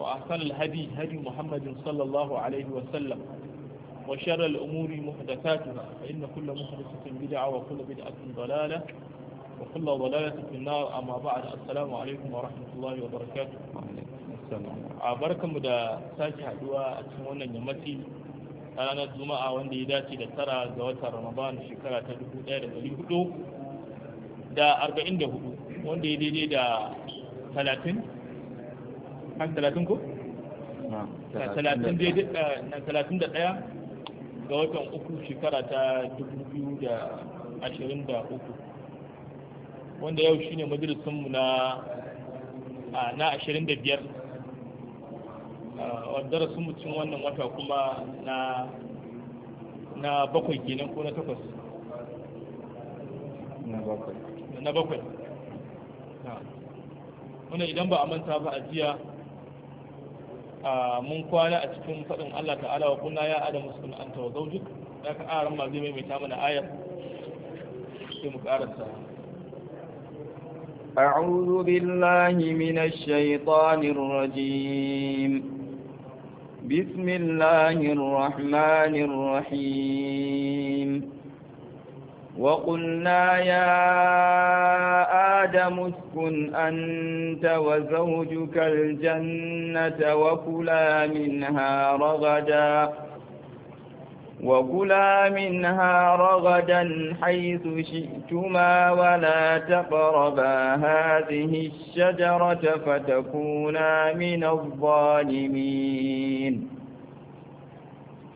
وأحسن الهدي هدي محمد صلى الله عليه وسلم وشر الأمور محدثاتها فإن كل محدثة بدعة وكل بدعة ضلالة وكل ضلالة في النار أما بعد السلام عليكم ورحمة الله وبركاته barkanmu da sake haduwa a cikin wannan yammaci a ranar juma'a wanda ya dace da tara ga watan ramadan shekara ta 1444 wanda ya daidai da 30 Kan talatin ko? talatin daidai eh, na talatin da ɗaya ga watan uku shekara ta dubu biyu da ashirin da uku wanda yau shine majalisunmu na na ashirin da biyar wadda sun mutum wannan wata kuma na na bakwai kenan ko na takwas na bakwai wanda idan ba a manta ba a jiya mun kwana a cikin faɗin Allah ta'ala wa kunna ya adamu sukun anta wa zawjuk da ka aran ma zai maimaita mana ayar sai mu karanta أعوذ بالله من الشيطان الرجيم بسم الله الرحمن الرحيم وقلنا يا آدم اسكن أنت وزوجك الجنة وكلا منها رغدا وكلا منها رغدا حيث شئتما ولا تقربا هذه الشجرة فتكونا من الظالمين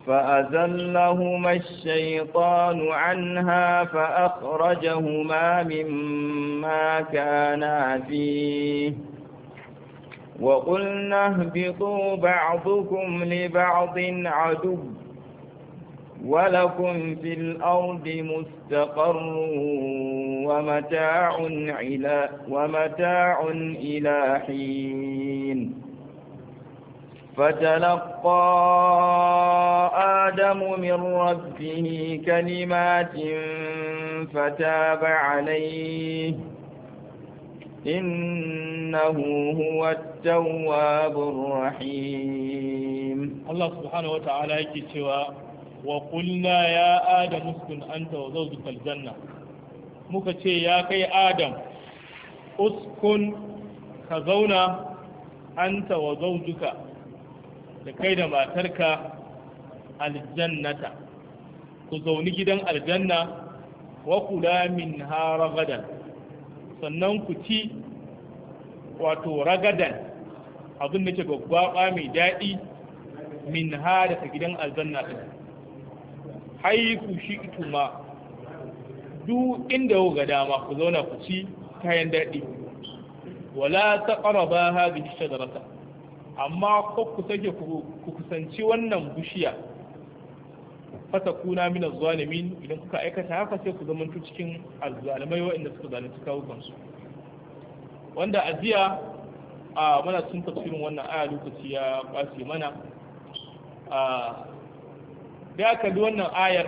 فأزلهما الشيطان عنها فأخرجهما مما كانا فيه وقلنا اهبطوا بعضكم لبعض عدو ولكم في الأرض مستقر ومتاع إلى, ومتاع إلى حين فتلقى آدم من ربه كلمات فتاب عليه إنه هو التواب الرحيم الله سبحانه وتعالى يكتوى وقلنا يا آدم اسكن أنت وزوجك الجنة مكتشي يا كي آدم اسكن كزونا أنت وزوجك da kai da matarka aljannata ku zauni gidan aljanna wa kula min ha ragadan sannan ku ci wato ragadan abin da ke gwaggwaɓa mai daɗi min ha daga gidan aljanna ɗin haiku shi ituma duk inda yau ga dama ku zauna ku ci kayan daɗi wala ta ƙaraba ha da rasa. amma ko ku sake ku kusanci wannan bishiya fata kuna min zalimin idan kuka aikata haka sai ku zamanta cikin azzalimai waɗanda suka zalunci kansu wanda aziya a mana sun tafsirin wannan aya lokaci ya kwace mana a da aka bi wannan ayar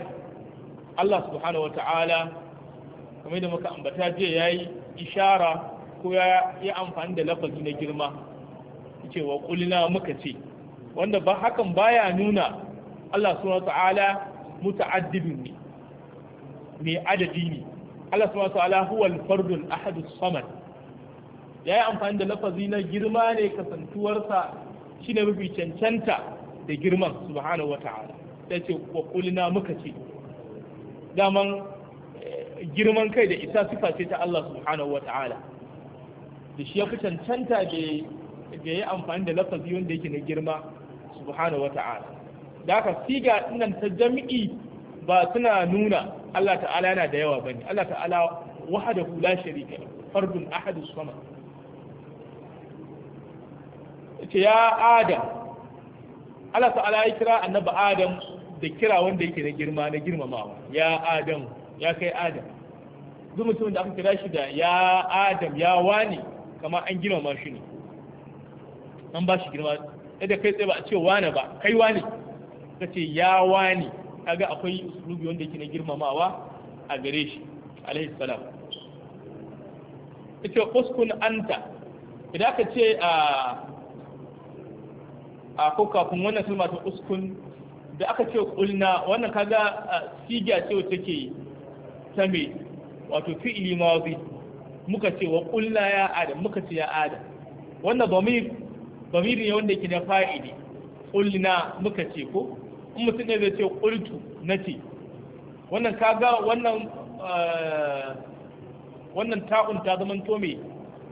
Allah subhanahu ta'ala kamar da muka ambata jiya yayi ishara ko ya yi amfani da lafazi na girma cewa kulina muka ce wanda ba hakan baya nuna Allah subhanahu ta'ala muta'addibin ne mai adadi ne Allah subhanahu ta'ala huwa fardun ahadu ahad ya yi amfani da lafazi na girma ne kasantuwarsa shine mafi cancanta da girman subhanahu wata'ala sai ce wa kulina muka ce daman eh, girman kai da isa sifa ce ta Allah subhanahu wata'ala da shi ya fi cancanta da da ya amfani da lafazi wanda yake na girma subhanahu wata'ala da aka siga nan ta jami'i ba suna nuna Allah ta'ala yana da yawa bane Allah ta'ala wahdahu la sharika fardun ahadus samad ce ya adam Allah ta'ala ya kira annabi adam da kira wanda yake na girma na girmamawa ya adam ya kai adam duk mutumin da aka kira shi da ya adam ya wani kama an girmama shi ne an ba shi girma yadda kai tsaye ba a ce wane ba kai wane ka ce ya wane kaga akwai usulubi wanda yake na girmamawa a gare shi alaihi salam ita uskun anta idan ka ce a a ko kafin wannan kalma ta uskun da aka ce kulna wannan kaga sigiya ce wacce ke ta me wato fi'ili mazi muka ce wa kulna ya adam muka ce ya adam wannan domin ne wanda yake da fa'idi, ƙullina muka ce ko in mutum ne zai ce na ce wannan kaga wannan eh, wannan ta'un ta zama to me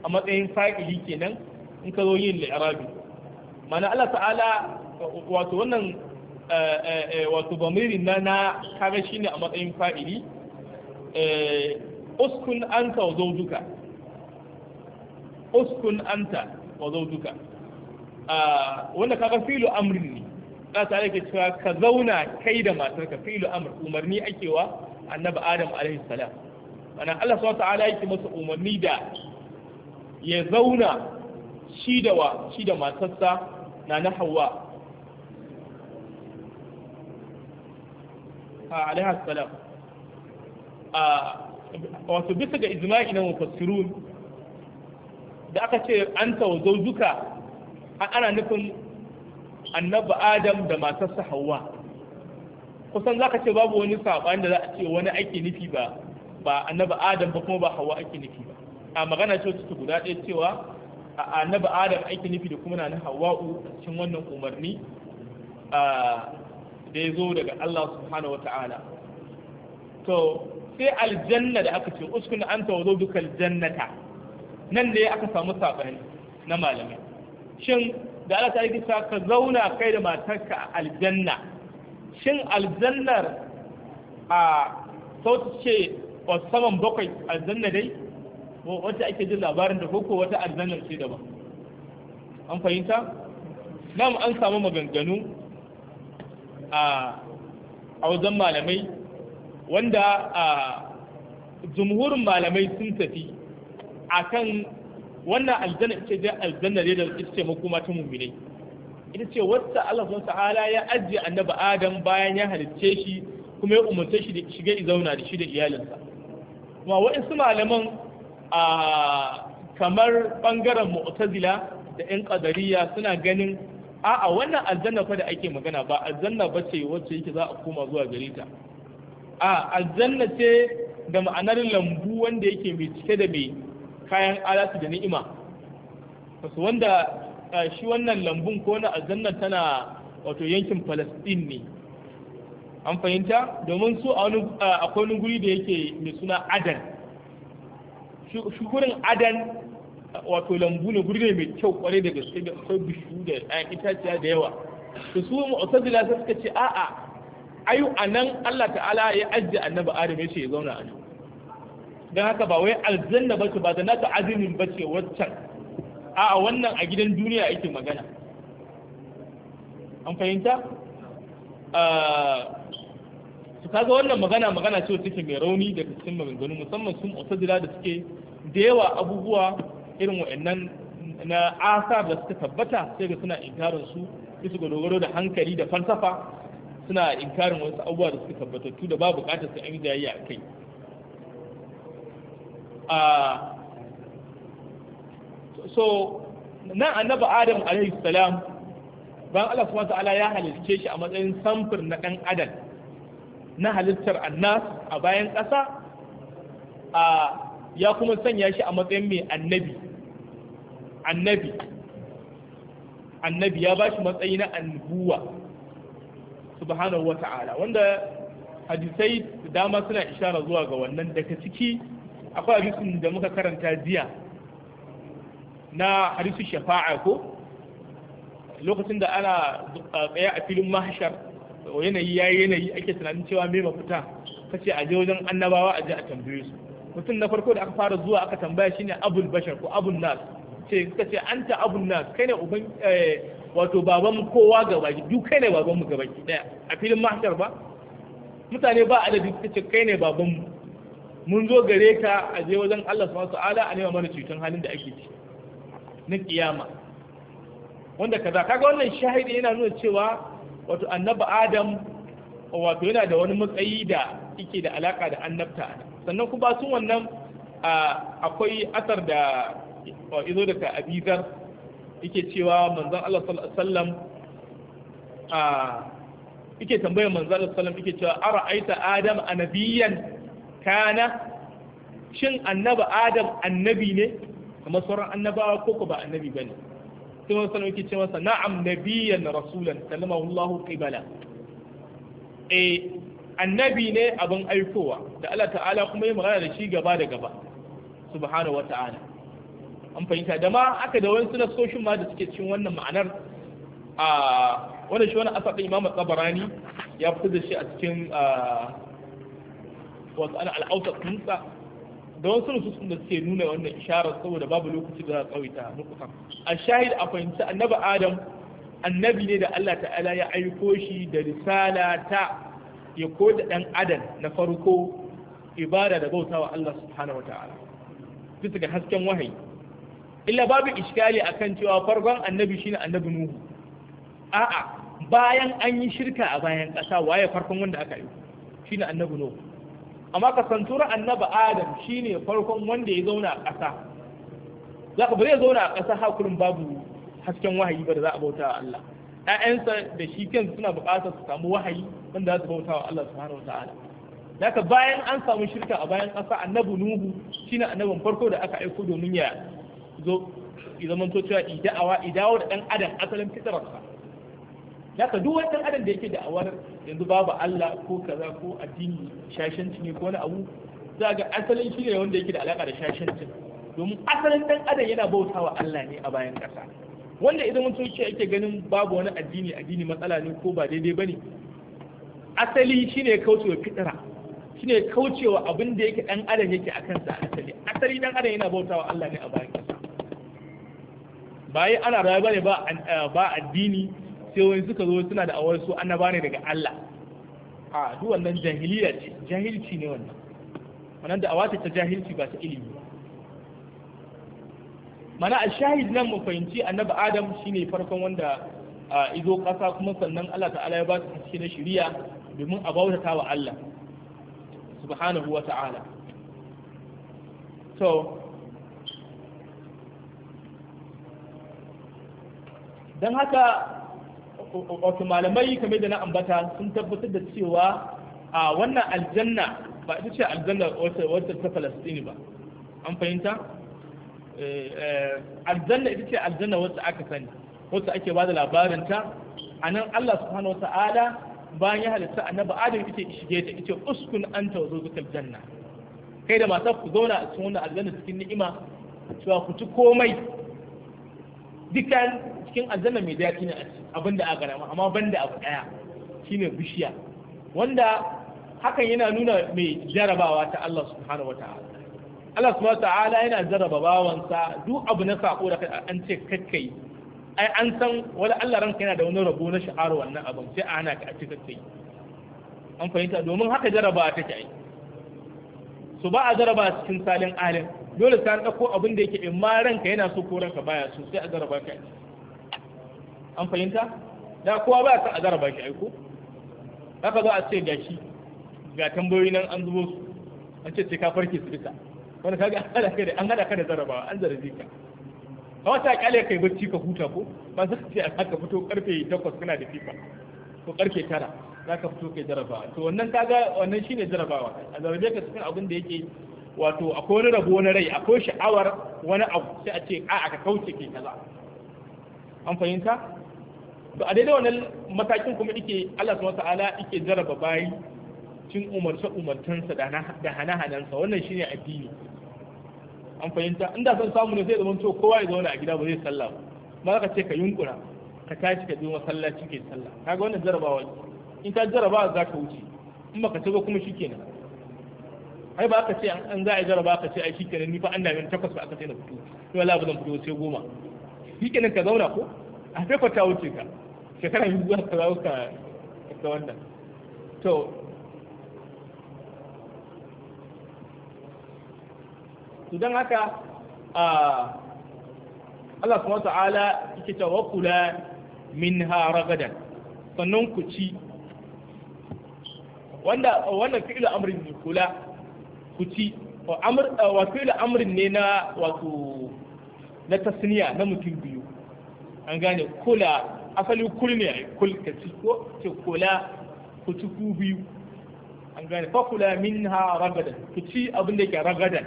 a matsayin fa'idi kenan in ka zo yin li'rabi mana Allah ta'ala wato wannan eh, eh, wato bamirin na na kaga shine a matsayin fa'idi. uskun anta wa zawjuka uskun anta wa zawjuka wanda kaga filu amrin ne za ta yake cewa ka zauna kai da matarka filu amr umarni ake wa, annabi adam alaihi salam ana Allah subhanahu ta'ala yake masa umarni da ya zauna shi da wa shi da matarsa na na hawa alaihi salam a wato bisa ga ijma'i na mufassirun da aka ce anta wa zawjuka ana nufin annabi adam da matarsa hawa kusan za ka ce babu wani saɓani da za a ce wani ake nufi ba ba annabi adam ba kuma ba hawa ake nufi ba a magana ce wacce guda ɗaya cewa a annabi adam ake nufi da kuma na hawa'u cikin wannan umarni da ya zo daga Allah subhanahu wa ta'ala to sai aljanna da aka ce uskun anta wa zawduka aljannata nan ne aka samu saɓani na malamai shin da Allah ta yi kisa ka zauna kai da matarka a aljanna shin aljannar a sautu ce saman bakwai aljanna dai wata ake jin labarin da koko wata aljannar ce daban an fahimta nan an samu maganganu a wajen malamai wanda a jumhurin malamai sun tafi akan wannan aljanna ita ce aljanna ne da ita ce makoma ta mu'minai ita ce wacce Allah subhanahu ta'ala ya ajiye annabi Adam bayan ya halicce shi kuma ya umarce shi da shiga zauna da shi da iyalinsa kuma su malaman a kamar bangaren mu'tazila da ƴan qadariya suna ganin a'a wannan aljanna fa da ake magana ba aljanna ba ce wacce yake za a koma zuwa gare ta a aljanna ce da ma'anar lambu wanda yake mai cike da mai kayan alatu da ni'ima wasu wanda shi wannan lambun ko na azannan tana wato yankin Palestine ne an fahimta domin su a wani guri da yake mai suna adan shi gurin adan wato lambu ne guri ne mai kyau kwarai da gaske da akwai bishu da ɗayan itaciya da yawa to su mu'tazila suka ce a'a ayu anan Allah ta'ala ya ajiye annabi Adam ya ce ya zauna a nan don haka ba wai aljanna ba ce ba da nata azumin ba ce waccan a wannan a gidan duniya ake magana an fahimta su ah, kaga wannan magana magana ce take mai rauni da cikin maganganu musamman sun otadila da suke da yawa abubuwa irin wa'annan na asar da suka tabbata sai ga suna inkarin su su ga dogaro da hankali da falsafa suna inkarin wasu abubuwa da suka tabbatattu da ba bukatar su an yi jayayya a kai so nan annabi adam alaihi salam bayan Allah subhanahu ta'ala ya halicce shi a matsayin samfur na dan adam na halittar annas a bayan ƙasa a ya kuma sanya shi a matsayin mai annabi annabi annabi ya ba shi matsayi na annubuwa subhanahu wa ta'ala wanda hadisai da dama suna ishara zuwa ga wannan daga ciki akwai hadisin da muka karanta jiya na hadisu shafa'a ko lokacin da ana tsaye a filin mahashar yanayi ya yanayi ake tunanin cewa me mafita ce a je wajen annabawa a je a tambaye su mutum na farko da aka fara zuwa aka tambaya shine abul bashar ko abul nas ce ka ce anta abul nas kai ne uban eh, wato baban kowa gaba duk kai ne baban mu gaba daya a filin mahashar ba mutane ba adadi ka ce kai ne baban mu mun zo gare ka a je wajen Allah subhanahu ta'ala a nema mana cikin halin da ake ci na kiyama wanda kaza kaga wannan shahidi yana nuna cewa wato annabi Adam wato yana da wani matsayi da yake da alaka da annabta sannan kuma sun wannan akwai asar da izo daga abizar yake cewa manzon Allah sallallahu alaihi wasallam a yake tambayar manzon Allah sallallahu alaihi wasallam yake cewa ara'aita adam anabiyan kana shin annabi adam annabi ne kamar sauran annabawa ko ba annabi bane sai wani sanar yake ce masa na'am nabiyyan rasulan sallama Allahu. qibala eh annabi ne abin aikowa da Allah ta'ala kuma yi magana da shi gaba da gaba subhanahu wa ta'ala an fahimta da ma aka da wani suna soshin ma da suke cin wannan ma'anar a ah, wannan shi wani asar imam tsabarani ya fito da shi a cikin ah, wasu ana al'auta kunsa da wasu rususun da suke nuna wannan isharar saboda babu lokaci da za a tsawaita nukusan a shahid a fahimci annabi adam annabi ne da Allah ta'ala ya aiko shi da risala ta ya koda dan adam na farko ibada da bautawa Allah subhanahu wata'ala bisa ga hasken wahayi illa babu iskali akan cewa farkon annabi shine annabi nuhu a'a bayan an yi shirka a bayan ƙasa waye farkon wanda aka yi shine annabi nuhu amma kasantura annabi adam shine farkon wanda ya zauna a ƙasa za ka ba ya zauna a ƙasa hakurin babu hasken wahayi ba da za a bauta wa Allah ƴaƴansa da shi kansu suna buƙatar su samu wahayi wanda za su bauta wa Allah subhanahu wataala ka bayan an samu shirka a bayan ƙasa annabi nuhu shine annabin farko da aka aiko domin ya zo zamanto cewa idawa idawa da ɗan adam asalin fitararsa haka duk wani adam da yake da awar yanzu babu Allah ko kaza ko addini shashanci ne ko wani abu za ga asalin shi ne wanda yake da alaka da shashanci domin asalin dan adam yana bautawa Allah ne a bayan kasa wanda idan mun ce yake ganin babu wani addini addini matsala ne ko ba daidai bane asali shine kaucewa fitira shine kaucewa abin da yake dan adam yake akan sa asali asali dan adam yana bautawa Allah ne a bayan kasa ba ana rayuwa ba ba addini sai wani suka zo suna da awar su annaba ne daga Allah a duk wannan jahiliya ce jahilci ne wannan wannan da awata ta jahilci ba ta ilimi mana a shahid nan mu fahimci annabi adam shine farkon wanda izo kasa kuma sannan Allah ta'ala ya ba su haske na shari'a domin a bautata wa Allah subhanahu wa ta'ala to dan haka wato malamai kamar da na ambata sun tabbatar da cewa a wannan aljanna ba ita ce aljanna wata ta falastini ba an fahimta eh, eh, aljanna ita ce aljanna wata aka sani wata ake ba da labarinta a nan allah subhanahu wa ta'ala bayan ya halitta annabi adam ita shige ta ita uskun anta wa zuwa aljanna kai da matar ku zauna a cikin wannan aljanna cikin ni'ima cewa ku ci komai dukkan cikin aljanna mai daɗi ne a ciki abin da aka rama amma ban da abu ɗaya shine bishiya wanda hakan yana nuna mai jarabawa ta Allah subhanahu wata'ala Allah subhanahu wata'ala yana jaraba bawansa duk abu na sako da an ce kakkai ai an san wani Allah ranka yana da wani rabo na sha'ar wannan abin sai ana ka ci kakkai an fahimta domin haka jaraba ke ai su ba a jaraba cikin salin alin dole sai an dauko abin da yake in ma ranka yana so ko ranka baya so sai a jaraba ka an fahimta da kowa ba ta azara ba shi aiko haka za a ce ga shi ga tambayoyi nan an zubo su an ce ce ka farke su duka wanda kaga hada ka da an hada ka da zarabawa an zarabe ka kawai ta kyale kai bacci ka huta ko ba za ka ce a ka fito karfe 8 kana da fifa ko karfe 9 za ka fito kai zarabawa to wannan ga wannan shine jarabawa a zarabe ka cikin abin da yake wato akwai wani rabo wani rai akwai sha'awar wani abu sai a ce a aka kauce ke kaza an fahimta to a daidai wannan matakin kuma yake Allah subhanahu ta'ala yake jaraba bayi cin umarce umartansa da hana-hanansa wannan shine addini an fahimta inda son samu ne sai zaman to kowa ya zauna a gida ba zai sallah ba za ka ce ka yunkura ka tashi ka je masallaci ke sallah kaga wannan jarabawa in ka jaraba za ka wuce in ka ci ba kuma shikenan ai ba ka ce an za a jaraba ka ce ai shikenan ni fa an dame takwas ba aka sai na fito to wallahi ba zan fito sai goma shikenan ka zauna ko a sai ka ta wuce ka shekara biyu zuwa ta zawo ka ka wannan to idan haka a Allah kuma ta'ala yake cewa min ha ragadan sannan ku ci wanda wannan fi'il amrin ne kula ku ci wa amr wa fi'il amrin ne na wato na tasniya na mutum biyu an gane kula asali kul ne ai kul ka ci ko ce kula ku ci ku biyu an gane fa kula minha ragadan ku ci abin da ke ragadan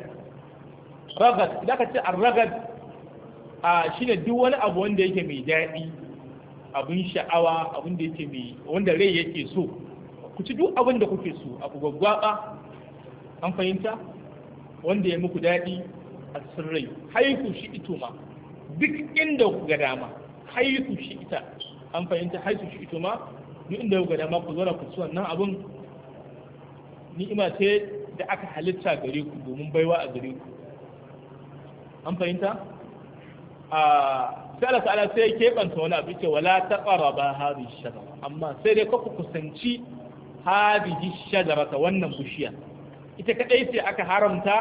ragad idan ka ce ragad a shine duk wani abu wanda yake mai daɗi abin sha'awa abin da yake mai wanda rai yake so ku ci duk abin da kuke so abu gwaggwaba an fahimta wanda ya muku daɗi a sirrai haiku shi ituma duk inda ku ga dama haisu shi ita an fahimta haisu shi ito ma duk inda ga dama ku zara ku ci wannan abin ni'ima ce da aka halitta gare ku domin baiwa a gare ku an fahimta a sai ta'ala sai ya kebanta wani abu ce wala ba hadhihi shajara amma sai dai ku kusanci hadhihi shajara ta wannan bushiya ita kadai sai aka haramta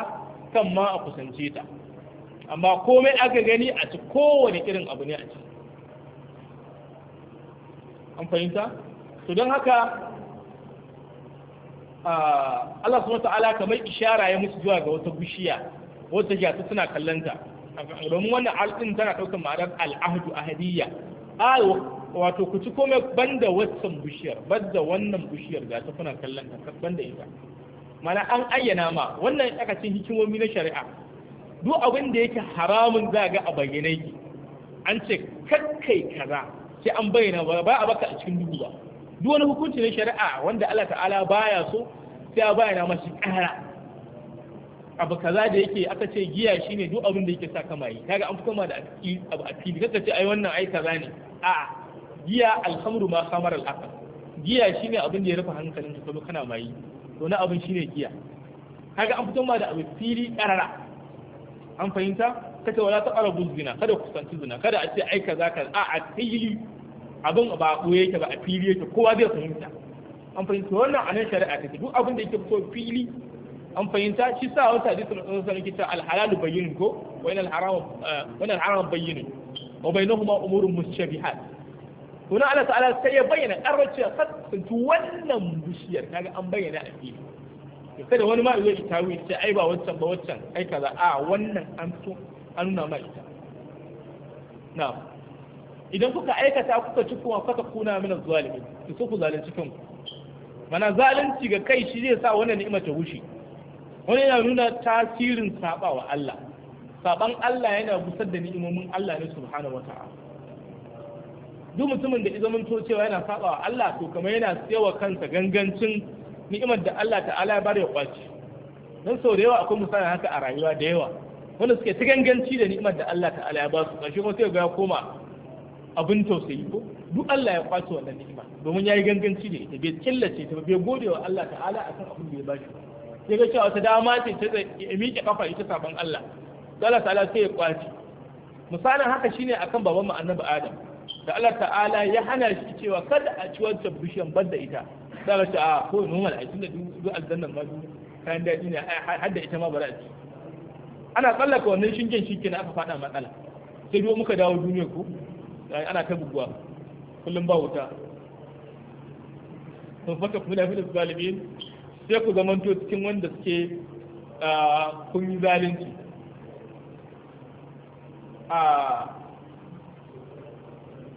kan ma a kusance ta amma komai aka gani a ci kowane irin abu ne a ci an fahimta to don haka Allah su wata ala kamar ishara ya musu zuwa ga wata bishiya wata ga suna kallanta domin wannan alɗin tana ɗaukar ma'anar al'ahdu a hadiyya wato ku ci komai da wasan bishiyar ban da wannan bishiyar ga ta kuna kallanta da ita mana an ayyana ma wannan aka cin hikimomi na shari'a duk abin da yake haramun za ga a bayyane an ce kakkai kaza sai an bayyana ba ba a baka a cikin duhu ba duk wani hukunci na shari'a wanda Allah ta'ala baya so sai a bayyana mashi ƙara abu kaza da yake aka ce giya shine duk abin da yake sa kama yi kaga an fuka ma da abu a fili kaka ce ai wannan ai kaza ne a giya alhamru ma samar al'aqal giya shine abin da ya rufe hankalin ka kuma kana mai to na abin shine giya kaga an fuka ma da abu fili karara an fahimta kace wala taqrabu zina kada ku kusanci zina kada a ce ai kaza kaza a a fili abin ba koye yake ba a fili yake kowa zai fahimta an fahimta wannan anan shari'a take duk abin da yake fito fili an fahimta shi sa wata hadisi na sallallahu alaihi wasallam al-halalu bayyinun ko wa inal haram eh, wa inal haram bayyinun wa bainahuma umurun mushabihat to na Allah ta'ala sai ya bayyana karwace kan wannan bishiyar kaga an bayyana a fili kada wani ma zai ita wuce sai ai ba wancan ba wancan ai kaza a wannan an so an nuna ma ita na idan kuka aikata kuka ci kuma kuka kuna mina zalimi ki so ku zalunci kanku mana zalunci ga kai shi zai sa wannan ni'ima ta wuce wani yana nuna tasirin saba wa Allah saban Allah yana gusar da ni'imomin Allah ne subhanahu wata'ala duk mutumin da izamin to cewa yana saba wa Allah to kamar yana siyawa kansa gangancin ni'imar da Allah ta'ala ya bari ya kwace don sau da yawa akwai misalin haka a rayuwa da yawa wanda suke ta ganganci da ni'imar da Allah ta'ala ya ba su ƙarshe kuma sai ga ya koma abin tausayi ko duk Allah ya kwace wannan ni'ima domin yayi ganganci da ita bai killace ta bai gode wa Allah ta'ala akan abin da ya ba shi sai ga cewa ta dama ce ta ya miƙe kafa ita sabon Allah Allah ta'ala sai ya kwace misalin haka shine akan baban mu annabi Adam da Allah ta'ala ya hana shi cewa kada a ci wancan bishiyan banda ita dama ce a ko normal a tunda duk aljannan ma duk kayan daɗi ne har da ita ma ba za a ci ana tsallaka wannan shingen shi kenan aka faɗa matsala sai duk muka dawo duniya ko ana ta buguwa kullum ba wuta sun faka kuma fi da zalimin sai ku to cikin wanda suke kun yi zalunci a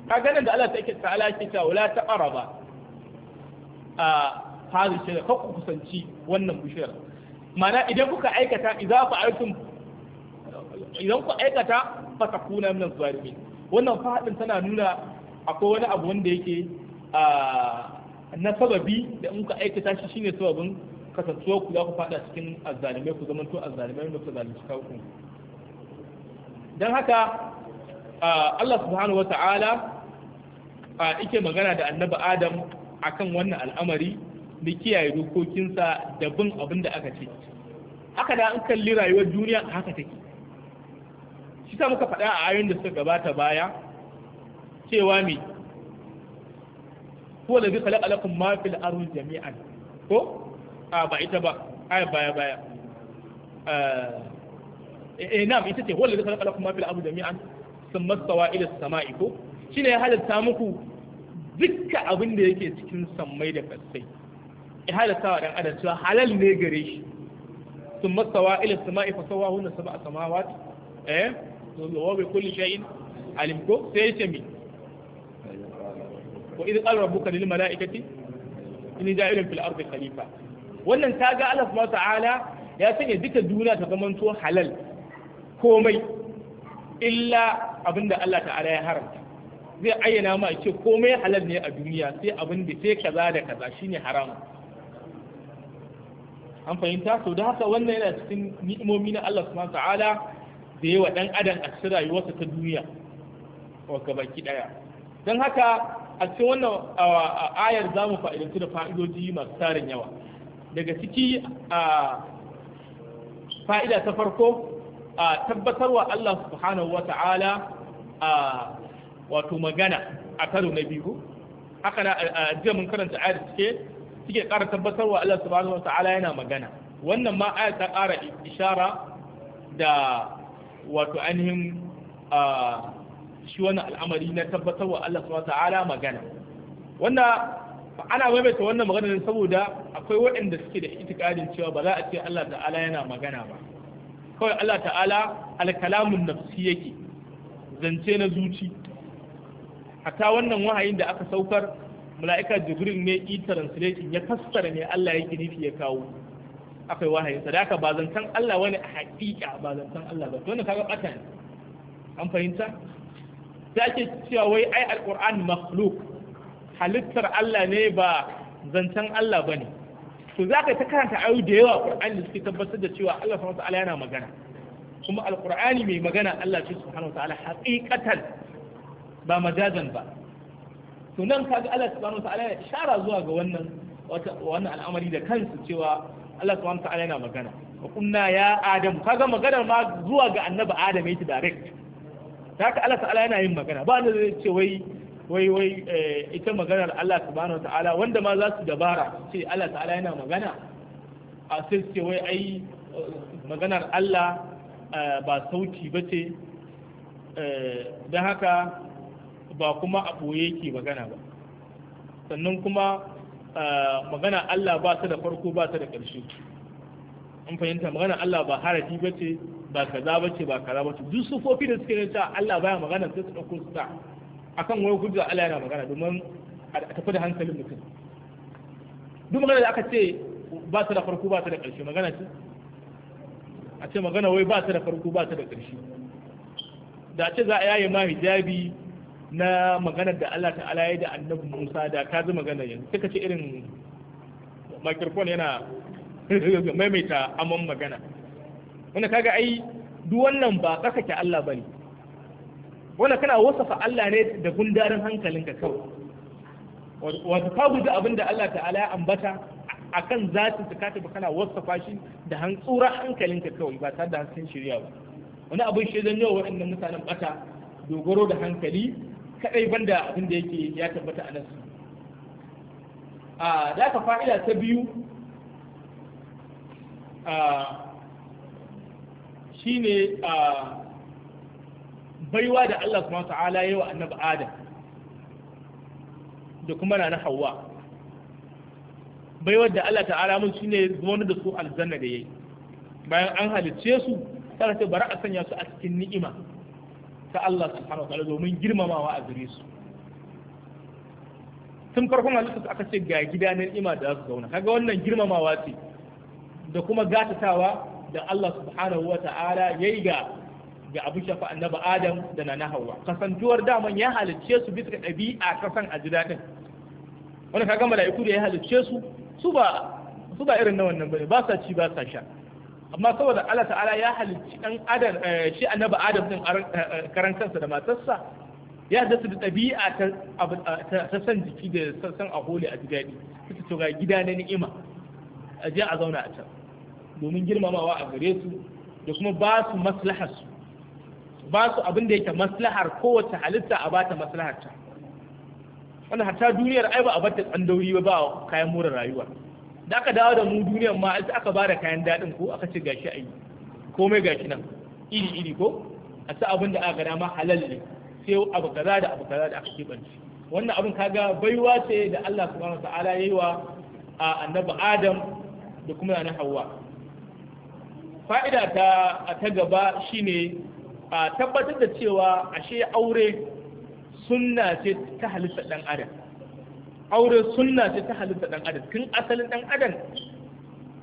kaganan da Allah ta ke ta ke ta wala ta ƙara ba a hadin shajara kar ku kusanci wannan bishiyar mana idan kuka aikata idza fa'altum idan ku aikata fa takuna min zalimin wannan fadin tana nuna akwai wani abu wanda yake na sababi da in ku aikata shi shine sababin kasantuwa ku za ku fada cikin azzalimai ku to azzalimai da ku zalunci kanku dan haka Allah subhanahu wa ta'ala ike magana da annabi Adam akan wannan al'amari da kiyaye dokokinsa da bin abin da aka ce haka da an kalli rayuwar duniya haka take shi sa muka faɗa a ayoyin da suka gabata baya cewa me ko da zai khalaqa lakum mafil arun jami'an ko a ba ita ba aya baya baya eh na'am ita ce wanda zai khalaqa lakum ma fil ardi jami'an thumma stawa ila samai ko ne ya halatta muku Duka abin da yake cikin sammai da kasai ya halatta wa dan adam cewa halal ne gare shi sun masawa ila sama'i fa sawa hunna sab'a samawat eh to wa bi kulli shay'in alim ko sai ya ce mi wa idh qala rabbuka lil mala'ikati inni ja'ilun fil ardi khalifa wannan ta ga Allah subhanahu ta'ala ya sanya duka duniya ta zamanto halal komai illa abinda Allah ta'ala ya haramta zai ayyana ma ce komai halal ne a duniya sai abin da sai kaza da kaza shine haram an fahimta to da haka wannan yana cikin ni'imomi na Allah subhanahu ta'ala da yawa dan adam a cikin rayuwarsa ta duniya wa gabaki daya dan haka a cikin wannan ayar mu fa'idantu da fa'idoji masu tarin yawa daga ciki a fa'ida ta farko a tabbatarwa Allah subhanahu wa ta'ala a wato magana a karo na biyu haka na jiya mun karanta ayar suke suke ƙara tabbatarwa Allah subhanahu wata'ala yana magana wannan ma ayar ta ƙara ishara da wato ainihin shi wannan al'amari na tabbatarwa Allah subhanahu wata'ala magana wanda ana maimaita wannan magana ne saboda akwai waɗanda suke da itikadin cewa ba za a ce Allah ta'ala yana magana ba kawai Allah ta'ala alkalamun nafsi yake zance na zuci hatta wannan wahayin da aka saukar mala'ika jibril ne e translation ya fassara ne Allah yake nufi ya kawo akai wahayin sa da haka ba zantan Allah wani a haƙiƙa ba zantan Allah ba to ne kaga bata ne an fahimta da ake cewa wai ai alquran makhluq halittar Allah ne ba zancen Allah bane to zaka ta karanta ayu da yawa qur'ani da suke tabbatar da cewa Allah subhanahu wa ta'ala yana magana kuma alqur'ani mai magana Allah subhanahu wa ta'ala haqiqatan ba majajan ba to nan kaga Allah subhanahu wa ta'ala ya shara zuwa ga wannan wannan al'amari da kansu cewa Allah subhanahu wa ta'ala yana magana wa kunna ya adam kaga maganar ma zuwa ga annabi adam yake direct haka Allah ta'ala yana yin magana ba wanda zai ce wai wai wai eh, ita maganar Allah subhanahu wa ta'ala wanda ma za su dabara ce Allah ta'ala yana magana a sai ce wai ai eh, maganar Allah eh, ba sauki ba ce don haka ba kuma a ɓoye yake magana ba sannan kuma magana Allah ba ta da farko ba ta da ƙarshe an fahimta magana Allah ba harafi ba ce ba kaza ba ce ba kaza ba ce duk sufofi da suke rinta Allah baya magana sai su ɗauko su ta akan wani hujja Allah yana magana domin a tafi da hankalin mutum duk magana da aka ce ba ta da farko ba ta da ƙarshe magana ce a ce magana wai ba ta da farko ba ta da ƙarshe da ce za a yaye ma hijabi na maganar da Allah ta'ala ya da annabi Musa da ka zama magana yanzu suka ce irin microphone yana maimaita amon magana wanda kaga ai duk wannan ba kasake Allah bane wanda kana wasafa Allah ne da gundarin hankalinka kawai wato ka guji abin da Allah ta'ala ya ambata akan zatin ka katiba kana wasafa shi da hantsura hankalinka kawai ba tare da hankalin shirya ba wani abin shi zan yi wa waɗannan mutanen bata dogaro da hankali kadai banda abin da yake ya tabbata a nasu a da aka fa'ida ta biyu a ne a baiwa da Allah subhanahu ta'ala yawa annabi Adam da kuma na Hawwa baiwa da Allah ta'ala mun shine zuwa da su aljanna da yayi bayan an halicce su sai ta bara a sanya su a cikin ni'ima ta Allah subhanahu ta'ala domin girmamawa a gare su tun farkon halittu aka ce ga gida na ni'ima da za su zauna kaga wannan girmamawa ce da kuma gatatawa da Allah subhanahu ta'ala yayi ga ga abu shafa annabi Adam da nana Hawwa kasantuwar daman ya halicce su bisa ɗabi'a kasan a jida din wanda kaga mala'iku da ya halicce su su ba su ba irin na wannan bane ba sa ci ba sa sha amma saboda Allah ta'ala ya halicci dan adam eh, shi annabi adam din eh, eh, karan kansa da matarsa ya da da ɗabi'a ta san jiki da san a hole a jidadi ta to gida na ni'ima a je a zauna a can domin girmamawa a gare su da kuma ba su maslahar su ba su abin da yake maslahar kowace halitta a bata maslahar ta wannan hatta duniyar ai ba a bata tsandauri ba ba kayan more rayuwa da aka dawo da mu duniyar ma sai aka ba da kayan daɗin ko aka ce gashi a yi komai gashi nan iri iri ko a sa abin da aka gada ma halal ne sai abu kaza da abu kaza da aka keɓance wannan abin kaga baiwa ce da Allah subhanahu wa ta'ala yayi wa annabi Adam da kuma na Hawwa fa'ida ta ta gaba shine a tabbatar da cewa ashe aure sunna ce ta halitta dan adam aure sunna ce ta halitta dan adam tun asalin dan adam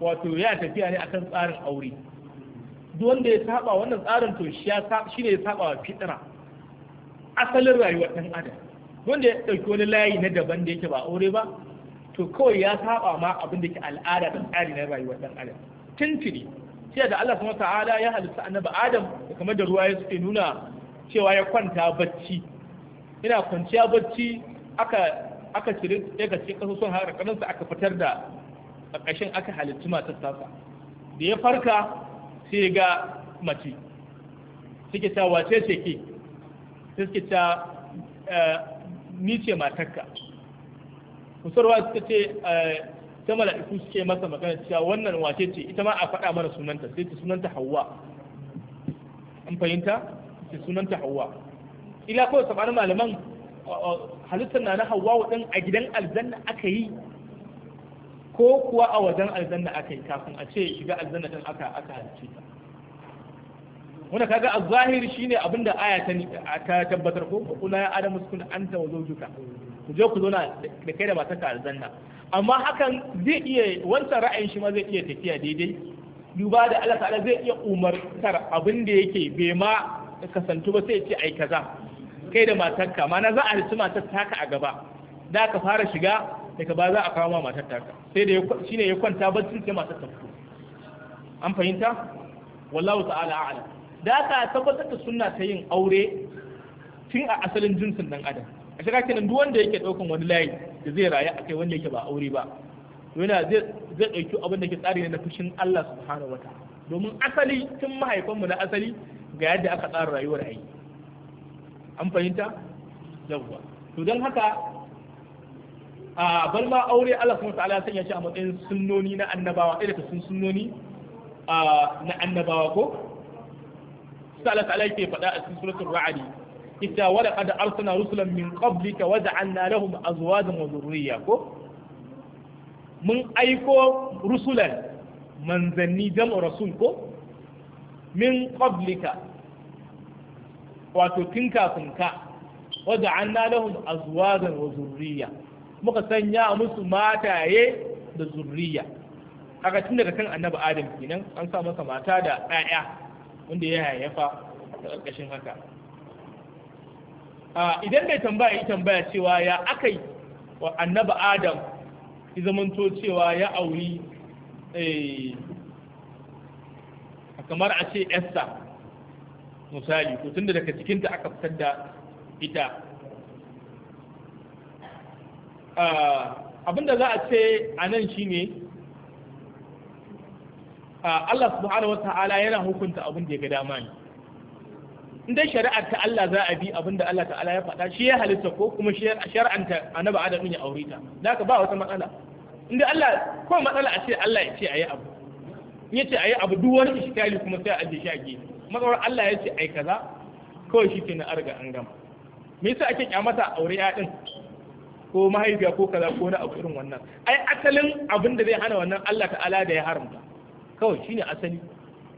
wato ya tafiya ne akan tsarin aure duk wanda ya saba wannan tsarin to shi ya shi ne ya saba wa fitra asalin rayuwar dan adam wanda ya dauki wani layi na daban da yake ba aure ba to kawai ya saba ma abin da ke al'ada da tsari na rayuwar dan adam tuntuni sai da Allah subhanahu ta'ala ya halitta annabi Adam kamar da ruwa ya suke nuna cewa ya kwanta bacci ina kwanciya bacci aka aka cire ɗaya ga cikin kasusun har ƙaransa aka fitar da ƙarƙashin aka halittu matar tasa da ya farka sai ga mace suke ta wace ce ke suke ta eh, ni ce matarka kusurwa suka ce ta eh, mala'iku suke masa magana cewa wannan wace ce ita ma a faɗa mana sunanta sai ta sunanta hawa an fahimta ta sunanta hawa ila kawai sabanin malaman halittar na na hawawu din a gidan aljanna aka yi ko kuwa a wajen aljanna aka yi kafin a ce shiga aljanna din aka aka halice ta wanda kaga a zahiri shine da aya ta ta tabbatar ko ku kula ya adamu an anta wa zawjuka ku je ku zauna da kai da ka aljanna amma hakan zai iya wancan ra'ayin shi ma zai iya tafiya daidai duba da Allah ta'ala zai iya umartar abin da yake bai ma kasantu ba sai ya ce ai kaza kai da matarka mana za a halitta matar taka a gaba da ka fara shiga daga ba za a kawo ma matar taka sai da shine ya kwanta barcin sai matar ta fito an fahimta wallahu ta'ala a'lam da aka tabbatar da sunna ta yin aure tun a asalin jinsin dan adam a shiga kenan duk wanda yake daukan wani layi da zai rayu akai wanda yake ba aure ba yana zai zai dauki abin da ke tsari ne na fushin Allah subhanahu wata. domin asali tun mahaifanmu na asali ga yadda aka tsara rayuwar aiki an fahimta yawwa to don haka a ma aure Allah subhanahu wataala ya sanya shi a matsayin sunnoni na annabawa ɗaya daga sun sunnoni na annabawa ko sai Allah ta'ala yake faɗa a cikin suratul ra'd idza wa laqad arsalna rusulan min qablika wa ja'alna lahum azwajan wa dhurriyya ko mun aiko rusulan manzanni jam'u rasul ko min qablika wato tun kafin ka wadda an na lahum azwajan wa zurriya muka sanya musu mataye da zurriya kaga tun daga kan annabi adam kenan an sa masa mata da ɗaya wanda ya hayyafa da ƙarƙashin haka ah, idan bai tambaya yi tambaya cewa ya aka yi wa annabi adam ya zamanto cewa ya auri eh, kamar a ce esther misali ko tunda daga cikin ta aka fitar da ita ah, abinda za a ce a nan shine ah, Allah subhanahu wata'ala yana hukunta abin da ya ga dama ne in shari'ar ta Allah za a bi abin da Allah ta'ala ya faɗa shi ya halitta ko kuma shari'anta annabi Adam ya aure ta da ba wata matsala Inda Allah ko matsala a ce Allah ya ce ayi abu ya ce ayi abu duk wani iskali kuma sai a ajiye shi a gefe matsawar Allah ya ce ai kaza kawai shi ke na arga an gama me yasa ake kyamata aure wuri din ko mahaifiya ko kaza ko na abu irin wannan ai asalin abin da zai hana wannan Allah ta'ala da ya haramta kawai shine asali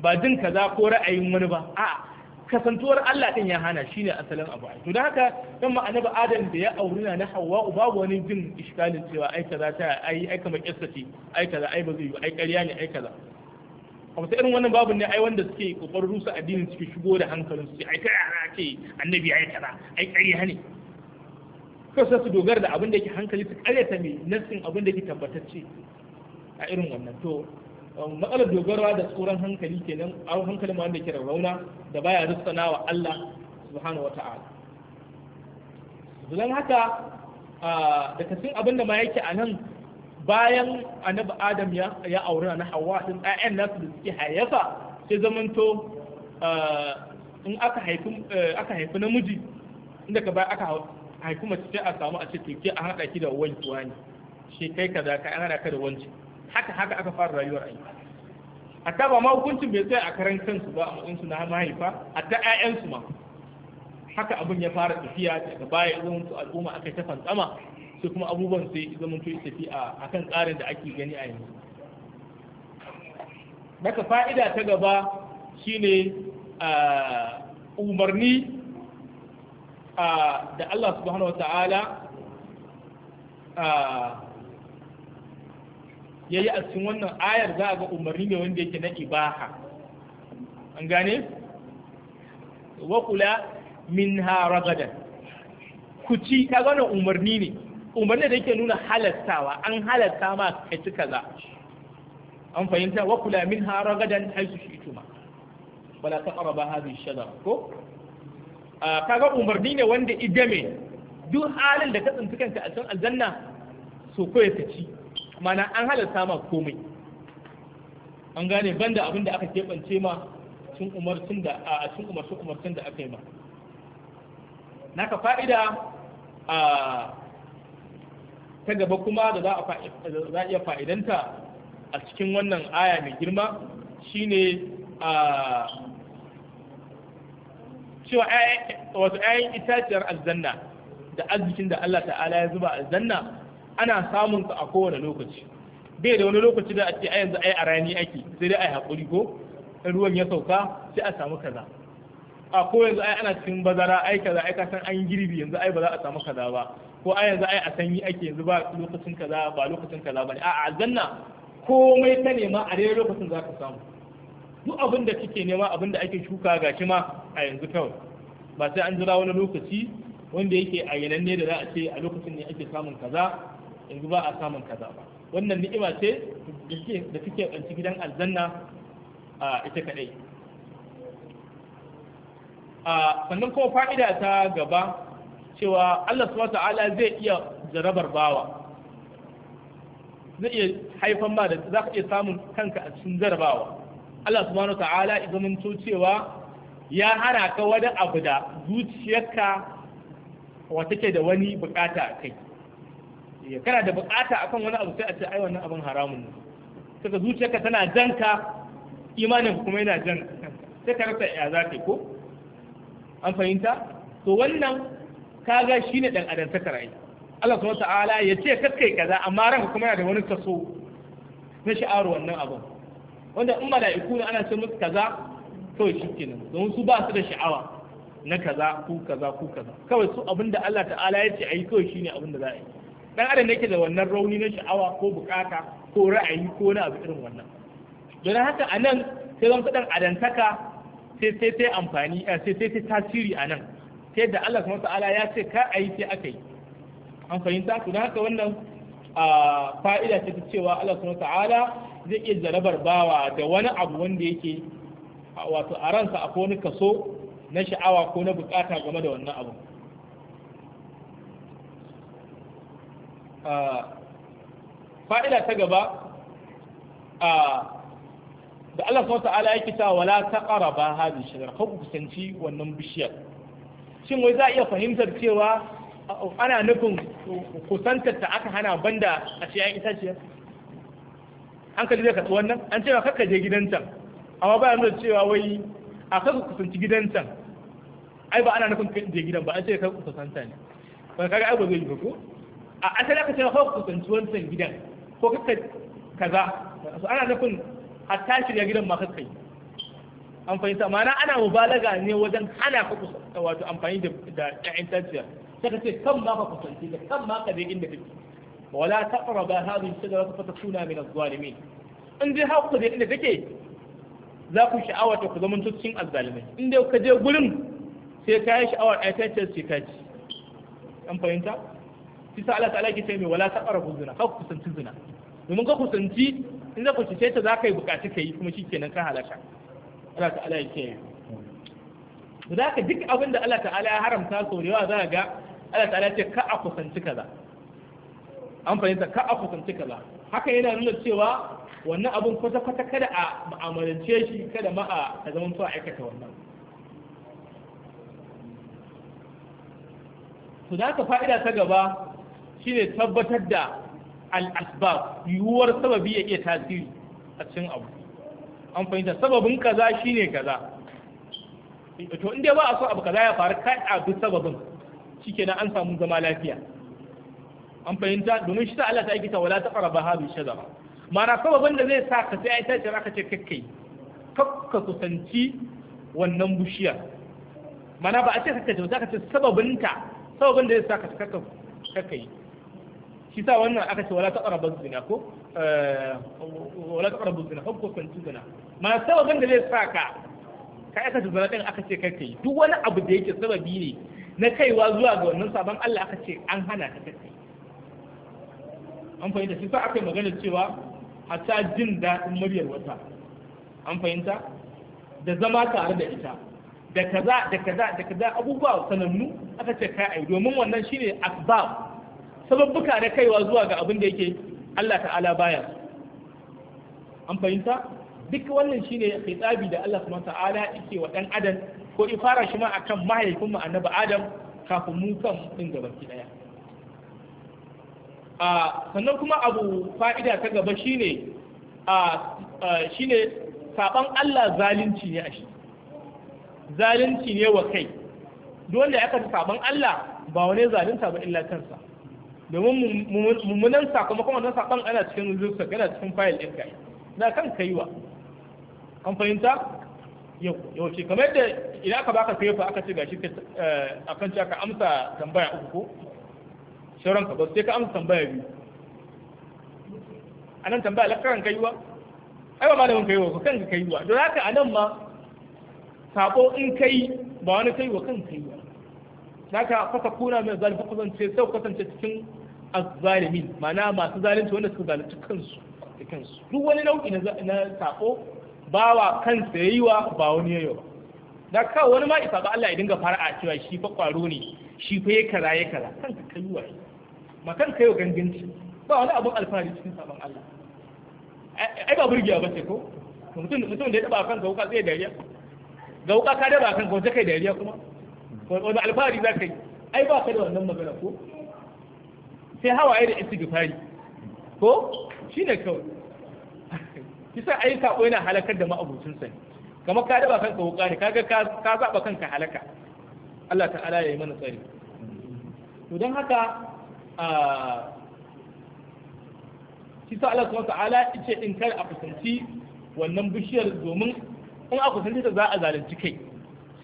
ba jin kaza ko ra'ayin wani ba a'a kasantuwar Allah din ya hana shine asalin abu to da haka dan ma annabi Adam da ya auri na Hawwa babu wani jin iskalin cewa ai kaza ta ai ai kamar kissa ce ai kaza ai ba zai yi ai ƙarya ne ai kaza a wasu irin wannan babu ne ai wanda suke kokarin rusa addinin suke shigo da hankalin su ai ta yara ce annabi ai kaza ai ƙarya ko sai su dogara da abin da yake hankali su ƙaryata mai nassin abin da yake tabbatacce a irin wannan to um, matsalar dogara da tsoron hankali kenan a hankalin wanda yake rauna da baya rusana wa Allah subhanahu wata'ala dan haka ah, da kasin abin da ma yake a nan bayan annabi adam ya ya aure na hawa din ƴaƴan nasu da suke hayyafa sai zamanto eh, in aka haifi eh, aka haifi namiji inda ka bayan aka haifi mace sai a samu a ce to ke a hada ki da wanki wani shi kai kaza ka an hada ka da wanki haka haka aka fara rayuwar ayi hatta ba ma hukuncin bai sai a karan kansu ba in su na mahaifa hatta ƴaƴansu ma haka abin ya fara tafiya daga baya zuwa al'umma aka ta fantsama sai kuma abubuwan sai zama tuyi tafi a kan tsarin da ake gani a yanzu daga fa'ida ta gaba shine umarni da Allah subhanahu wa ta'ala ya yi a cikin wannan ayar za a ga umarni ne wanda yake na ibaha an gane? kula min ha ragadan ku ci ta gane umarni ne umarni da yake nuna halastawa an halatta ma ka ci kaza an fahimta wa kula min ha ragadan haisu shi ituma. wala ta ba hadhihi shajara ko kaga umarni ne wanda idame duk halin da ka tsinci kanka a can aljanna so ko ya ci mana an halatta ma komai an gane banda abin da aka keɓance ma sun umarcin da a sun umarcin umarcin da aka yi ma naka fa'ida a ta gaba kuma da za a iya fa'idanta a cikin wannan aya mai girma shine a cewa wato ‘ya'yan itaciyar aljanna da arzikin da Allah ta'ala ya zuba aljanna ana samun su a kowane lokaci bai da wani lokaci da a ce yanzu ai a rani ake sai dai ai haƙuri ko ruwan ya sauka sai a samu kaza a ko yanzu ai ana cikin bazara ai kaza ai san an girbi yanzu ai ba za a samu kaza ba ko a yanzu ai a sanyi ake yanzu ba lokacin kaza ba lokacin kaza bane a'a aljanna komai ta nema a dai lokacin za ka samu duk abin da kike nema abin da ake shuka ga shi ma a yanzu kawai ba sai an jira wani lokaci wanda yake a yanan ne da za a ce a lokacin ne ake samun kaza yanzu ba a samun kaza ba wannan ni'ima ce da kike ɓanci gidan aljanna a ita kaɗai a sannan kuma fa'ida ta gaba cewa Allah subhanahu ta'ala zai iya jarabar bawa zai iya haifan ba da za ka iya samun kanka a cikin jarabawa Allah subhanahu ta'ala ya zamanto cewa ya hana ka wani abu da zuciyarka wata ke da wani bukata a kai ya kana da bukata akan wani abu sai a ce ai wannan abin haramun ne saka zuciyarka tana janka imanin kuma yana jan sai ka rasa ya za ko an fahimta to wannan kaga shine dan adantaka rai Allah subhanahu ta'ala ya ce kaskai kaza amma ranka kuma yana da wani kaso na sha'ar wannan abin wanda in mala'iku ne ana ce musu kaza kawai kenan don su ba su da sha'awa na kaza ku kaza ku kaza kawai su abinda Allah ta'ala ya ce ayi kawai shine abinda za a yi dan adam yake da wannan rauni na sha'awa ko bukata ko ra'ayi ko na abu irin wannan don haka a nan sai zan kaɗan adantaka sai sai sai amfani eh, sai sai sai tasiri a nan ta yadda Allah kuma ta'ala ya ce ka a yi sai aka yi an fahimta ku don haka wannan fa'ida ce ta cewa Allah kuma ta'ala zai iya jarabar bawa da wani abu wanda yake wato a ransa a wani kaso na sha'awa ko na bukata game da wannan abu fa'ida ta gaba da Allah kuma ta'ala wala ta ƙara ba hajji shigar ku kusanci wannan bishiyar shin wai za a iya fahimtar cewa uh, ana nufin kusantar ta aka hana banda a ce an itaciyar hankali zai katsu wannan an cewa kakka je gidan amma ba nuna cewa wai a kasu kusanci gidan ai ba ana nufin je gidan ba an ce kaka kusanta ne ba kaga ai ba zai yi ba ko a asali aka cewa kaka kusanci wancan gidan ko kakka kaza ana nufin hatta shirya gidan ma kakka yi an fahimta ma'ana ana mubalaga ne wajen hana ku wato amfani da ƴaƴan taciyar saka ce kan ma ka kusanci da kan ma ka je inda kake wala taqraba hadhihi shajarata fatakuna min az-zalimin in dai haku je inda kake za ku sha'awa ta ku zama cikin azzalimai in dai ka je gurin sai ka yi sha'awar ƴaƴan ce sai ka ci an fahimta shi sa Allah ta'ala ke ce mai wala taqrabu zina ka kusanci zina domin ka kusanci in za ku ci ta za ka yi ka yi kuma shikenan ka halaka Allah ta'ala ya kiyaye to za ka duk abin da Allah ta'ala ya haramta so da yawa za ga Allah ta'ala ya ce ka a kusanci kaza an fahimta ka a kusanci kaza haka yana nuna cewa wannan abun kwata kwata kada a mu'amalance shi kada ma a zaman a aikata wannan Su za ka fa'ida ta gaba shine tabbatar da al-asbab yiwuwar sababi ya iya tasiri a cikin abu an fahimta sababin kaza shine kaza to in dai ba a so abu kaza ya faru kai a duk sababin na an samu zama lafiya an fahimta domin shi ta Allah ta aikata wala ta qaraba hadu shadara mana sababin da zai sa ka sai ai tace aka ce kakkai kakka kusanci wannan bishiyar mana ba a ce kakkai ce ba ka ce sababinta sababin da zai sa ka kakkai shi sa wannan aka ce wala taqrabu zina ko eh, wala taqrabu zina ko kusantu zina ma sababin da zai saka ka aka zina din aka ce kai kai duk wani abu da yake sababi ne na kaiwa zuwa ga wannan sabon Allah aka ce an hana ka kai an fahimta shi sa aka yi magana cewa hatta jin daɗin muryar wata an fahimta da zama tare da ita da kaza da kaza da kaza abubuwa sanannu aka ce kai ai domin wannan shine asbab sababbuka da kaiwa zuwa ga abin da yake Allah ta'ala baya an fahimta duk wannan shine tsabi da Allah subhanahu ta'ala yake wa dan adam ko in fara shi ma akan mahaifin mu annabi adam kafin mu kan din gabaki daya a sannan kuma abu fa'ida ta gaba shine a shine saban Allah zalunci ne a shi zalunci ne wa kai dole ya kasu saban Allah ba wani zalunta ba illa kansa domin mummunan sakamakon wannan sakon ana cikin rubuta yana cikin fayil ɗin kai da kan kai wa an fahimta yau yau ce kamar yadda idan aka baka paper aka ce gashi a kan ka eh, amsa tambaya uku ko sauran ka ba sai ka amsa tambaya biyu anan tambaya lakaran kai wa ai ba malamin kai wa ko kanka kai wa don haka anan ma sako in kai ba wani kai wa kan kai wa haka fasa kuna mai zalifin kusance sau kasance cikin azzalimin ma'ana masu zalunci wanda suka zalunci kansu da kansu duk wani nau'i na sako bawa kansa yayi wa ba wani yayi ba da ka wani ma isa ba Allah ya dinga fara'a cewa shi fa kwaro ne shi fa ya kaza ya kaza kanka kai wa ma kanka yau ganganci ba wani abun alfahari cikin sabon Allah ai ba burgiya ba ce ko mutum mutum da ya taba kanka wuka zai dariya ga wuka ka daba kanka wace kai dariya kuma wani alfahari za ka yi ai ba ka da wannan magana ko sai hawaye da gifari ko shi ne kawai kisa ayi sako yana halakar da ma'abucin sa kamar ka daba kanka wuka ne kaga ka zaba kanka halaka Allah ta'ala ya yi mana tsari to don haka a kisa Allah subhanahu ta'ala yace in kar a kusanci wannan bishiyar domin in a kusanci ta za a zalunci kai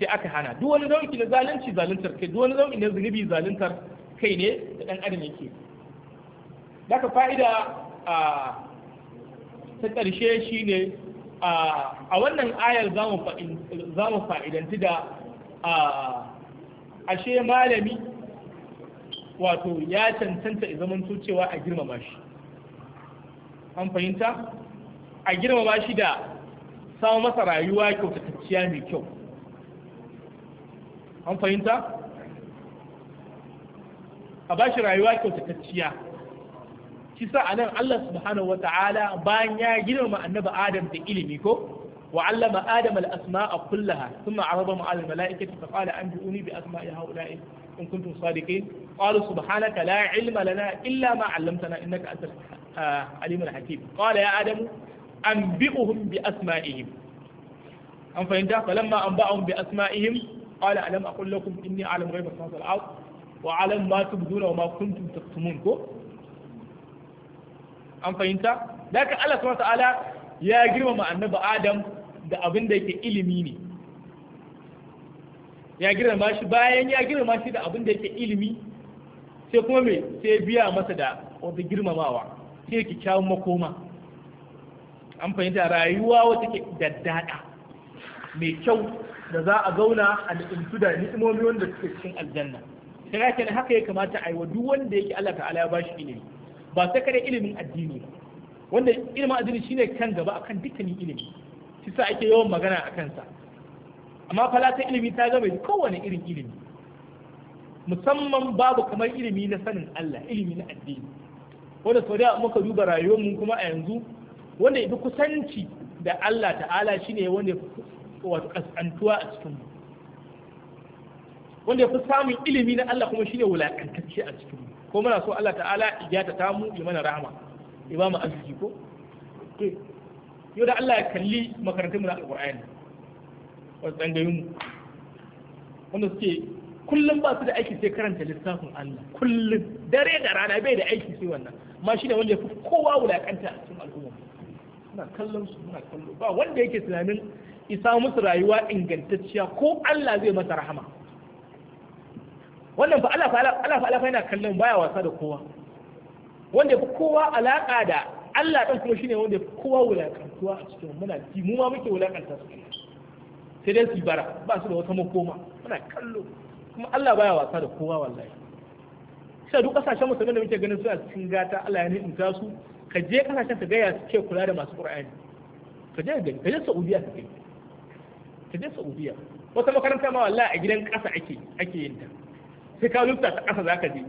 sai aka hana duk wani nau'i na zalunci zaluntar kai duk wani nau'i na zunubi zaluntar kai ne da dan adam yake daga fa'ida ta ƙarshe shi ne a wannan ayar za mu fa'idanti da ashe malami wato ya cancanta zamanto cewa a girmama shi an fahimta a girmama shi da samun masa rayuwa kyautatacciya mai kyau an fahimta a ba shi rayuwa kyautatacciya kisa sa a nan Allah subhanahu wata'ala bayan ya ma annaba Adam da ilimi ko wa allama Adam al-asma'a kullaha thumma 'arada ma al mala'ikati fa qala anbi'uni bi asma'i ha'ula'i in kuntum sadiqin qalu subhanaka la 'ilma lana illa ma 'allamtana innaka antal alim al-hakim qala ya Adam anbi'uhum bi asma'ihim an fahimta falamma anba'uhum bi asma'ihim qala alam aqul lakum inni a'lamu ghaiba samawati wal ard wa 'alam ma tubduna wa ma kuntum taktumun ko an fahimta da ka Allah subhanahu ta'ala ya girmama annabi Adam da abin da yake ilimi ne ya girmama shi bayan ya girmama shi da abin da yake ilimi sai kuma me sai biya masa da wata girmamawa sai ki kyakkyawan makoma an fahimta rayuwa wata ke daddada mai kyau da za a zauna a ni'imtu da ni'imomi wanda suke cikin aljanna sai haka ya kamata a yi wa duk wanda yake Allah ta'ala ya bashi ilimi ba sai kare ilimin addini ba wanda ilimin addini shine kan gaba akan dukkanin ilimi shi sa ake yawan magana a kansa amma falata ilimi ta gama kowane irin ilimi musamman babu kamar ilimi na sanin Allah ilimi na addini wanda sau da muka duba rayuwar mu kuma a yanzu wanda ya kusanci da Allah ta'ala shine wanda wato kasantuwa a cikin mu wanda ya fi samun ilimi na Allah kuma shine wulakantacce a cikin mu ko muna so Allah ta'ala ya ta ta yi mana rahama ya ba mu arziki ko ke eh, yau da Allah ya kalli makarantar mu na alqur'ani wa tsangayin mu wanda suke kullum ba su da aiki sai karanta littafin Allah kullum dare da rana bai da aiki sai wannan ma shi ne wanda ya fi kowa wulakanta a cikin al'umma muna kallon su muna kallo ba wanda yake tunanin isa musu rayuwa ingantacciya ko Allah zai masa rahama wannan fa Allah fa Allah fa yana kallon baya wasa da kowa wanda fi kowa alaka da Allah ɗan kuma shine wanda fi kowa wulakantuwa a cikin muna ji mu ma muke wulakanta su sai dai su bara ba su da wata makoma muna kallo kuma Allah baya wasa da kowa wallahi sai duk kasashen musulmi da muke ganin suna cikin gata Allah ya ta su ka je kasashen ta gaya suke kula da masu Qur'ani ka je gani ka je Saudiya ka gani ka je Saudiya wata makaranta ma wallahi a gidan ƙasa ake ake yin ta sai ka lufta ta ƙasa zaka je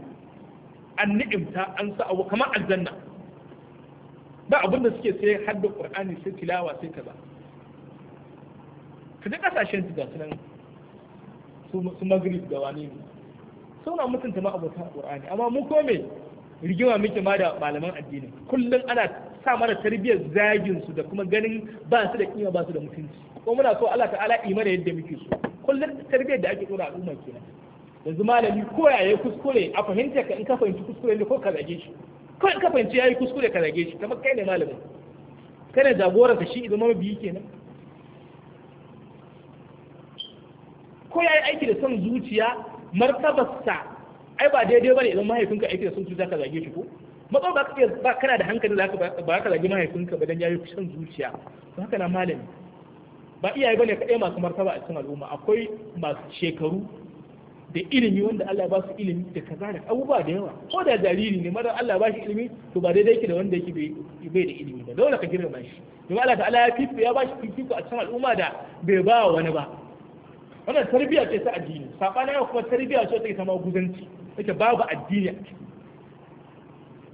an ni'imta an sa abu kamar aljanna ba abin da suke sai hadda qur'ani sai tilawa sai kaza ka ji kasashen su su nan su magrib da wani ne sauna mutunta ma abota qur'ani amma mu kome rigima muke ma da malaman addini kullum ana sa mana tarbiyyar zagin su da kuma ganin ba su da kima ba su da mutunci ko muna so Allah ta'ala imana yadda muke so kullum tarbiyyar da ake dora al'umma kenan yanzu malami ko ya yi kuskure a fahimta ka in ka fahimci kuskure ne ko ka zage shi ko in ka fahimci ya yi kuskure ka zage shi kamar kai ne malamin kana jagoran ka shi idan mabiyi kenan ko ya yi aiki da son zuciya martabarsa ai ba daidai bane idan mahaifinka aiki da son zuciya ka zage shi ko matsawar ba ka ba kana da hankali za ka ba ka zage mahaifinka ba dan yi son zuciya Ba haka na malami ba iyaye bane kaɗai masu martaba a cikin al'umma akwai masu shekaru da ilimi wanda Allah ya ba su ilimi da kaza da abubuwa da yawa ko da jariri ne mara Allah ba shi ilimi to ba daidai yake da wanda yake bai da ilimi ba dole ka girma shi domin Allah ta'ala ya fifi ya ba shi fifiko a cikin al'umma da bai ba wani ba wannan tarbiyya ce ta addini sabana yau kuma tarbiyya ce take sama guzanci take babu addini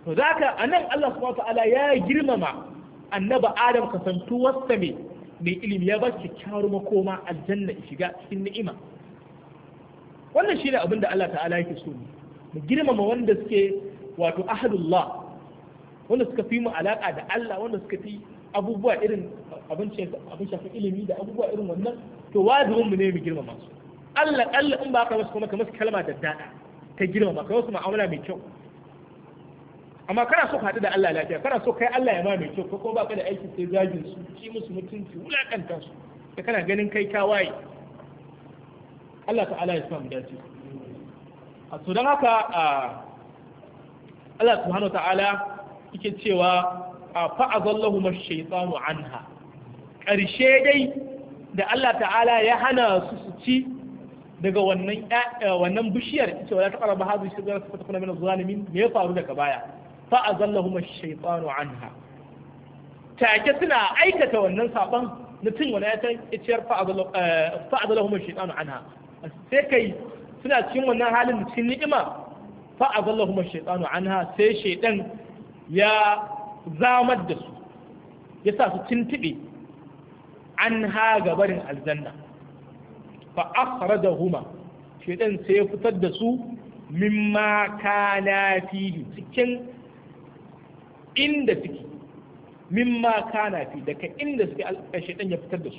to zaka anan Allah subhanahu ta'ala ya girmama annaba Adam kasantuwarsa mai mai ilimi ya ba shi kyakkyawar makoma aljanna shiga cikin ni'ima wannan shine abin da Allah ta'ala yake so mu girmama wanda suke wato ahadullah wanda suka fi mu alaka da Allah wanda suka fi abubuwa irin abin shafi ilimi da abubuwa irin wannan to wajibin mu ne mu girmama su Allah kalla in ba ka masu kuma ka masa kalma da dada ka girmama ka wasu ma'amala mai kyau amma kana so ka haɗu da Allah lafiya kana so kai Allah ya ma mai kyau ko ba ka da aiki sai zagin su ci musu mutunci wulakanta su da kana ganin kai ka waye Allah ta'ala ya samu dace a to don haka Allah subhanahu ta'ala yake cewa fa azallahum ash anha karshe dai da Allah ta'ala ya hana su su ci daga wannan wannan bishiyar cewa fara ba hazu shigar su ta kuma az-zalimin me ya faru daga baya fa azallahum ash anha take suna aikata wannan saban na cin wani ya ta iciyar fa azallahum ash anha sai kai suna cikin wannan halin cikin ni'ima fa azallahum shaytanu anha sai shaytan ya zamar da su ya sa su an ha gabarin aljanna fa huma. shaytan sai ya fitar da su mimma kana fi cikin inda suke mimma kana fi daga inda suke shaytan ya fitar da su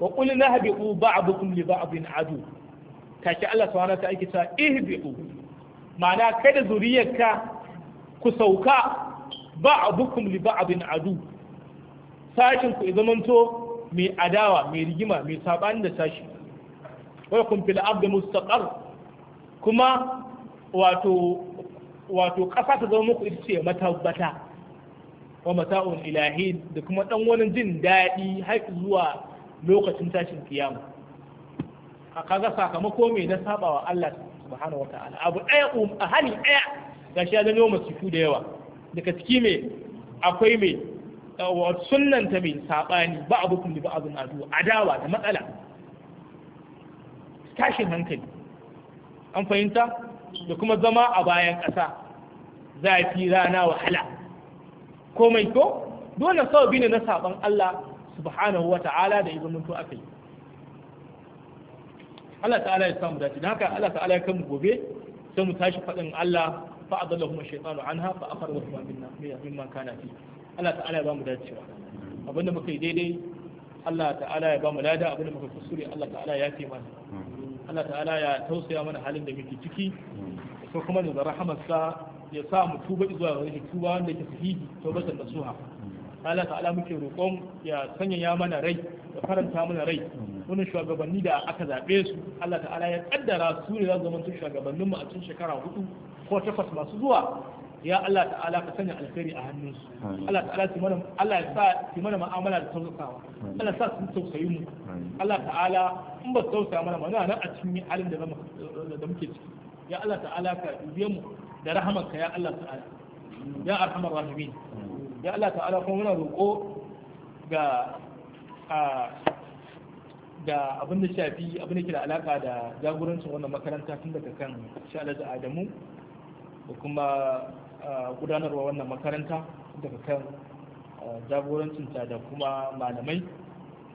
wa qul nahbiqu ba'dukum li ba'din adu take Allah subhanahu wa ta'ala yake cewa ihbiqu ma'ana kada zuriyarka ku sauka ba'dukum li ba'din adu sashin ku zamanto mai adawa mai rigima mai sabani da sashi wa kun fil da mustaqar kuma wato ƙasa ta zama muku ita ce matabbata wa mata'un ilahi da kuma ɗan wani jin daɗi har zuwa lokacin tashin kiyama a kaga sakamako mai na wa Allah subhanahu wataala abu ɗaya um, a hali Ga shi ya zama masifu da yawa daga ciki mai akwai sunan ta mai saɓani ba abu da ba abun adu adawa da matsala tashin hankali an fahimta da kuma zama a bayan ƙasa zafi rana wahala komai ko dole sababi ne na saban Allah subhanahu wa ta'ala da izinin to aka yi Allah ta'ala ya samu dace dan haka Allah ta'ala ya kanmu gobe sai mu tashi fadin Allah fa adallahu shaytanu anha fa akhrajahu minna mimma kana fi Allah ta'ala ya bamu dacewa abinda muka yi daidai Allah ta'ala ya bamu lada abinda muka kusure Allah ta'ala ya fi mana Allah ta'ala ya tausaya mana halin da muke ciki ko kuma da rahamarsa ya sa mu tuba zuwa ga tuba wanda yake sahihi tawbatan nasuha Allah ta'ala muke roƙon ya sanyaya mana rai ya faranta mana rai wani shugabanni da aka zaɓe su Allah ta'ala ya kaddara su ne za su zamanto shugabannin mu a cikin shekara hudu ko takwas masu zuwa ya Allah ta'ala ka sanya alkhairi a hannunsu Allah ta'ala su mana Allah ya sa ki mana mu'amala da tausasawa Allah sa su tausayi mu Allah ta'ala in ba su tausaya mana mu nan a cikin halin da da muke ciki ya Allah ta'ala ka biye mu da rahamanka ya Allah ta'ala ya arhamar rahimin da Allah ta'ala kuma muna roƙo ga da abin da shafi abin da ke da alaka da jagorancin wannan makaranta tun daga kan da adamu da kuma gudanarwa wannan makaranta daga kan jagorancinta da kuma malamai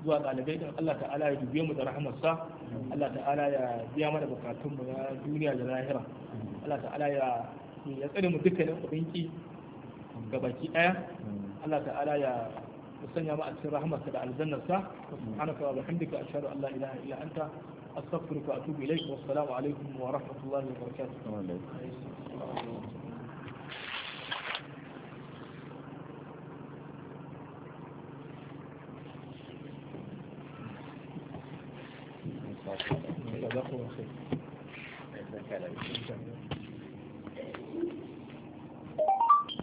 zuwa ɗalibai don Allah ta'ala ya dubiye mu da rahamarsa Allah ta'ala ya biya mana bukatunmu na duniya da lahira Allah ta'ala ya tsare mu dukkanin abinki gabaki daya Allah ta'ala ya sanya mu a cikin rahmarsa da aljannarsa subhanaka wa bihamdika ashhadu an la ilaha illa anta astaghfiruka wa atubu ilayk wa assalamu alaykum wa rahmatullahi wa barakatuh جزاكم